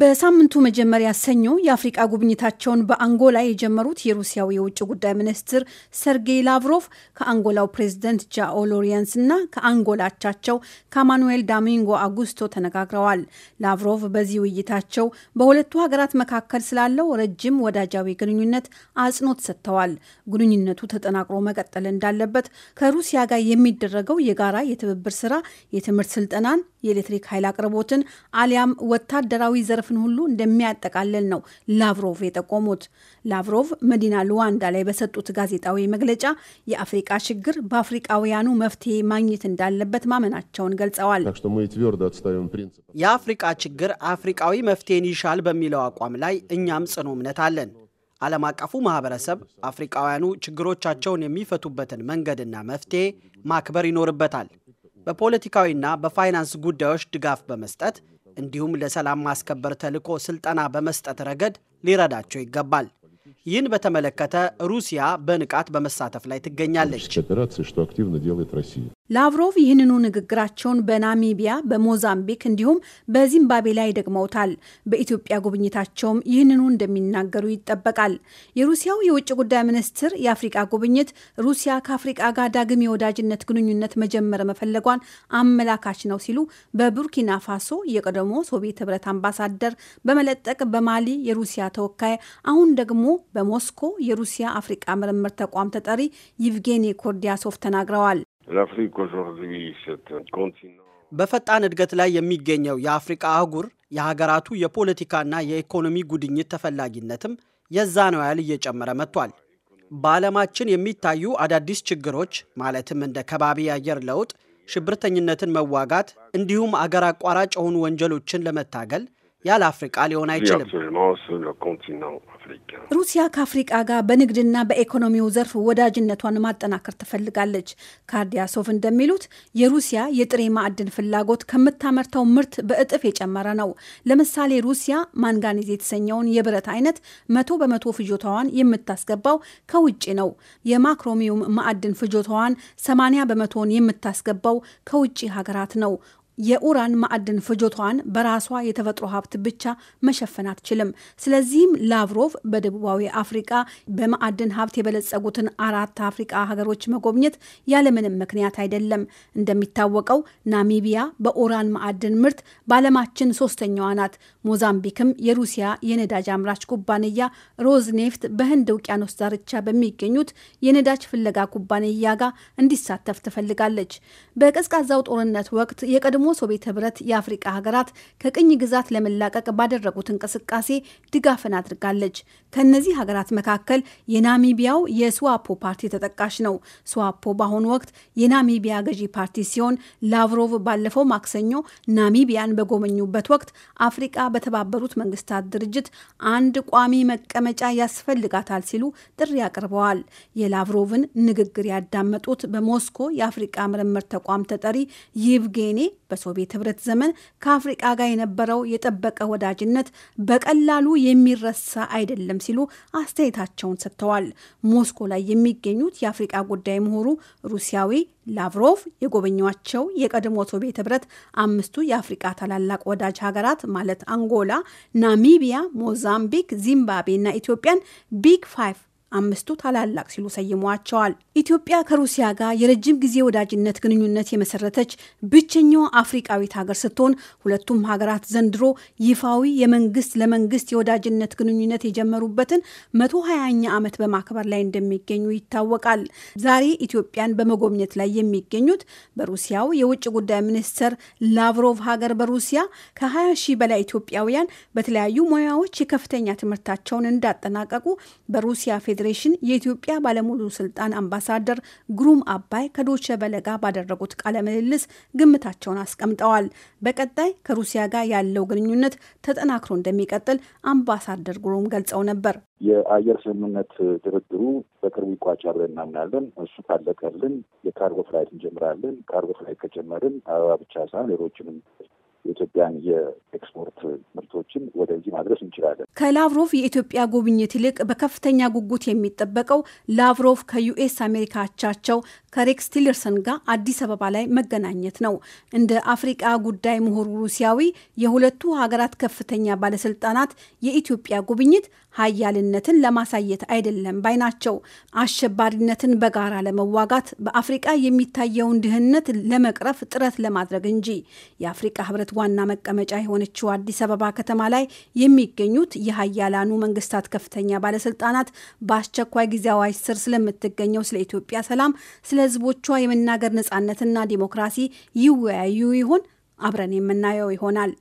በሳምንቱ መጀመሪያ ሰኞ የአፍሪቃ ጉብኝታቸውን በአንጎላ የጀመሩት የሩሲያው የውጭ ጉዳይ ሚኒስትር ሰርጌይ ላቭሮቭ ከአንጎላው ፕሬዝደንት ጃኦ ሎሪየንስ እና ከአንጎላቻቸው ከማኑኤል ዳሚንጎ አጉስቶ ተነጋግረዋል። ላቭሮቭ በዚህ ውይይታቸው በሁለቱ ሀገራት መካከል ስላለው ረጅም ወዳጃዊ ግንኙነት አጽንኦት ሰጥተዋል። ግንኙነቱ ተጠናክሮ መቀጠል እንዳለበት፣ ከሩሲያ ጋር የሚደረገው የጋራ የትብብር ስራ የትምህርት ስልጠናን፣ የኤሌክትሪክ ኃይል አቅርቦትን አሊያም ወታደራዊ ዘርፍ ማዕቀፍን ሁሉ እንደሚያጠቃልል ነው ላቭሮቭ የጠቆሙት። ላቭሮቭ መዲና ሉዋንዳ ላይ በሰጡት ጋዜጣዊ መግለጫ የአፍሪቃ ችግር በአፍሪቃውያኑ መፍትሄ ማግኘት እንዳለበት ማመናቸውን ገልጸዋል። የአፍሪቃ ችግር አፍሪቃዊ መፍትሄን ይሻል በሚለው አቋም ላይ እኛም ጽኑ እምነት አለን። ዓለም አቀፉ ማህበረሰብ አፍሪቃውያኑ ችግሮቻቸውን የሚፈቱበትን መንገድና መፍትሄ ማክበር ይኖርበታል። በፖለቲካዊና በፋይናንስ ጉዳዮች ድጋፍ በመስጠት እንዲሁም ለሰላም ማስከበር ተልዕኮ ስልጠና በመስጠት ረገድ ሊረዳቸው ይገባል። ይህን በተመለከተ ሩሲያ በንቃት በመሳተፍ ላይ ትገኛለች። ላቭሮቭ ይህንኑ ንግግራቸውን በናሚቢያ በሞዛምቢክ እንዲሁም በዚምባብዌ ላይ ደግመውታል። በኢትዮጵያ ጉብኝታቸውም ይህንኑ እንደሚናገሩ ይጠበቃል። የሩሲያው የውጭ ጉዳይ ሚኒስትር የአፍሪቃ ጉብኝት ሩሲያ ከአፍሪቃ ጋር ዳግም የወዳጅነት ግንኙነት መጀመር መፈለጓን አመላካች ነው ሲሉ በቡርኪና ፋሶ የቀደሞ ሶቪየት ህብረት አምባሳደር በመለጠቅ በማሊ የሩሲያ ተወካይ አሁን ደግሞ በሞስኮ የሩሲያ አፍሪቃ ምርምር ተቋም ተጠሪ ይቭጌኒ ኮርዲያሶቭ ተናግረዋል። በፈጣን እድገት ላይ የሚገኘው የአፍሪቃ አህጉር የሀገራቱ የፖለቲካና የኢኮኖሚ ጉድኝት ተፈላጊነትም የዛ ነው ያህል እየጨመረ መጥቷል። በዓለማችን የሚታዩ አዳዲስ ችግሮች ማለትም እንደ ከባቢ አየር ለውጥ፣ ሽብርተኝነትን መዋጋት እንዲሁም አገር አቋራጭ የሆኑ ወንጀሎችን ለመታገል ያለ አፍሪቃ ሊሆን አይችልም። ሩሲያ ከአፍሪቃ ጋር በንግድና በኢኮኖሚው ዘርፍ ወዳጅነቷን ማጠናከር ትፈልጋለች። ካርዲያሶቭ እንደሚሉት የሩሲያ የጥሬ ማዕድን ፍላጎት ከምታመርተው ምርት በእጥፍ የጨመረ ነው። ለምሳሌ ሩሲያ ማንጋኒዝ የተሰኘውን የብረት አይነት መቶ በመቶ ፍጆታዋን የምታስገባው ከውጭ ነው። የማክሮሚውም ማዕድን ፍጆታዋን ሰማንያ በመቶውን የምታስገባው ከውጭ ሀገራት ነው። የኡራን ማዕድን ፍጆቷን በራሷ የተፈጥሮ ሀብት ብቻ መሸፈን አትችልም። ስለዚህም ላቭሮቭ በደቡባዊ አፍሪቃ በማዕድን ሀብት የበለጸጉትን አራት አፍሪቃ ሀገሮች መጎብኘት ያለምንም ምክንያት አይደለም። እንደሚታወቀው ናሚቢያ በኡራን ማዕድን ምርት በዓለማችን ሶስተኛዋ ናት። ሞዛምቢክም የሩሲያ የነዳጅ አምራች ኩባንያ ሮዝ ኔፍት በህንድ ውቅያኖስ ዳርቻ በሚገኙት የነዳጅ ፍለጋ ኩባንያ ጋር እንዲሳተፍ ትፈልጋለች። በቀዝቃዛው ጦርነት ወቅት የቀድሞ የቀድሞ ሶቪየት ህብረት የአፍሪቃ ሀገራት ከቅኝ ግዛት ለመላቀቅ ባደረጉት እንቅስቃሴ ድጋፍን አድርጋለች። ከእነዚህ ሀገራት መካከል የናሚቢያው የስዋፖ ፓርቲ ተጠቃሽ ነው። ስዋፖ በአሁኑ ወቅት የናሚቢያ ገዢ ፓርቲ ሲሆን ላቭሮቭ ባለፈው ማክሰኞ ናሚቢያን በጎበኙበት ወቅት አፍሪቃ በተባበሩት መንግስታት ድርጅት አንድ ቋሚ መቀመጫ ያስፈልጋታል ሲሉ ጥሪ አቅርበዋል። የላቭሮቭን ንግግር ያዳመጡት በሞስኮ የአፍሪቃ ምርምር ተቋም ተጠሪ ይቭጌኔ በሶቪየት ህብረት ዘመን ከአፍሪቃ ጋር የነበረው የጠበቀ ወዳጅነት በቀላሉ የሚረሳ አይደለም ሲሉ አስተያየታቸውን ሰጥተዋል። ሞስኮ ላይ የሚገኙት የአፍሪቃ ጉዳይ ምሁሩ ሩሲያዊ ላቭሮቭ የጎበኟቸው የቀድሞ ሶቪየት ህብረት አምስቱ የአፍሪቃ ታላላቅ ወዳጅ ሀገራት ማለት አንጎላ፣ ናሚቢያ፣ ሞዛምቢክ፣ ዚምባብዌ እና ኢትዮጵያን ቢግ ፋይቭ አምስቱ ታላላቅ ሲሉ ሰይሟቸዋል። ኢትዮጵያ ከሩሲያ ጋር የረጅም ጊዜ ወዳጅነት ግንኙነት የመሰረተች ብቸኛዋ አፍሪቃዊት ሀገር ስትሆን ሁለቱም ሀገራት ዘንድሮ ይፋዊ የመንግስት ለመንግስት የወዳጅነት ግንኙነት የጀመሩበትን መቶ ሀያኛ ዓመት በማክበር ላይ እንደሚገኙ ይታወቃል። ዛሬ ኢትዮጵያን በመጎብኘት ላይ የሚገኙት በሩሲያው የውጭ ጉዳይ ሚኒስትር ላቭሮቭ ሀገር በሩሲያ ከ20 ሺህ በላይ ኢትዮጵያውያን በተለያዩ ሙያዎች የከፍተኛ ትምህርታቸውን እንዳጠናቀቁ በሩሲያ ፌዴሬሽን የኢትዮጵያ ባለሙሉ ስልጣን አምባሳደር ግሩም አባይ ከዶቸ በለጋ ባደረጉት ቃለ ምልልስ ግምታቸውን አስቀምጠዋል። በቀጣይ ከሩሲያ ጋር ያለው ግንኙነት ተጠናክሮ እንደሚቀጥል አምባሳደር ግሩም ገልጸው ነበር። የአየር ስምምነት ድርድሩ በቅርቡ ይቋጫ ብለን እናምናለን። እሱ ካለቀልን የካርጎ ፍላይት እንጀምራለን። ካርጎ ፍላይት ከጀመርን አበባ ብቻ ሳይሆን ሌሎችንም የኢትዮጵያን የኤክስፖርት ምርቶችን ወደዚህ ማድረስ እንችላለን። ከላቭሮቭ የኢትዮጵያ ጉብኝት ይልቅ በከፍተኛ ጉጉት የሚጠበቀው ላቭሮቭ ከዩኤስ አሜሪካ አቻቸው ከሬክስ ቲለርሰን ጋር አዲስ አበባ ላይ መገናኘት ነው። እንደ አፍሪቃ ጉዳይ ምሁር ሩሲያዊ የሁለቱ ሀገራት ከፍተኛ ባለስልጣናት የኢትዮጵያ ጉብኝት ሀያልነትን ለማሳየት አይደለም ባይ ናቸው። አሸባሪነትን በጋራ ለመዋጋት በአፍሪቃ የሚታየውን ድህነት ለመቅረፍ ጥረት ለማድረግ እንጂ የአፍሪቃ ህብረት ዋና መቀመጫ የሆነችው አዲስ አበባ ከተማ ላይ የሚገኙት የሀያላኑ መንግስታት ከፍተኛ ባለስልጣናት በአስቸኳይ ጊዜ አዋጅ ስር ስለምትገኘው ስለ ኢትዮጵያ ሰላም፣ ስለ ህዝቦቿ የመናገር ነጻነትና ዲሞክራሲ ይወያዩ ይሆን? አብረን የምናየው ይሆናል።